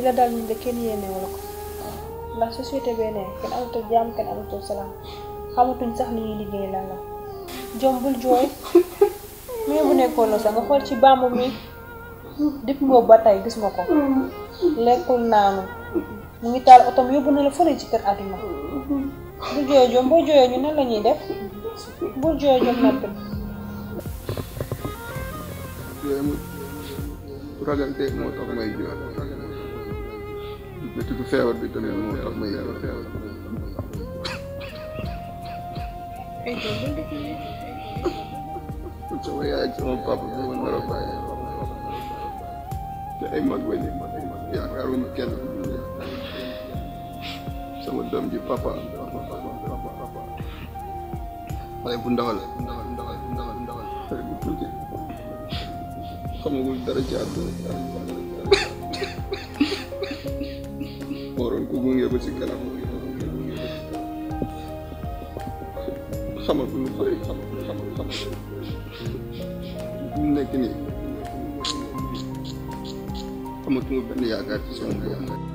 li la dal ñun de kenn yéenewu la ko ndax ne kenn amatul jàmm kenn amatul salaam xamatuñ sax li ñuy liggéey lan la jom bul jooy mais bu nekkoon la sax nga xool ci bàmb mi depuis boobu ba tey gis ma ko lekkul naanu mu ngi taal otom yóbbu na la fële ci kër àdduna bul jooy boo jooyee ñu nan la ñuy def bul jooy jom noppi ragal de moo tax may jooy nga tudd feebar bi tamit moo tax may feebar feebar. sama yaay ak sama papa bi ma nar a bàyyi te ay mag bañ kenn sama doom ji papa xale bu ndaw la bu ndaw la bu ndaw la bu ndaw la xale bu tuuti mu ngi yóbbu ci kanam mu ngi yóbbu mu ngi yóbbu xamaguñu xëy xamaguñu xamaguñu bu nekk nii amatuma benn yaakaar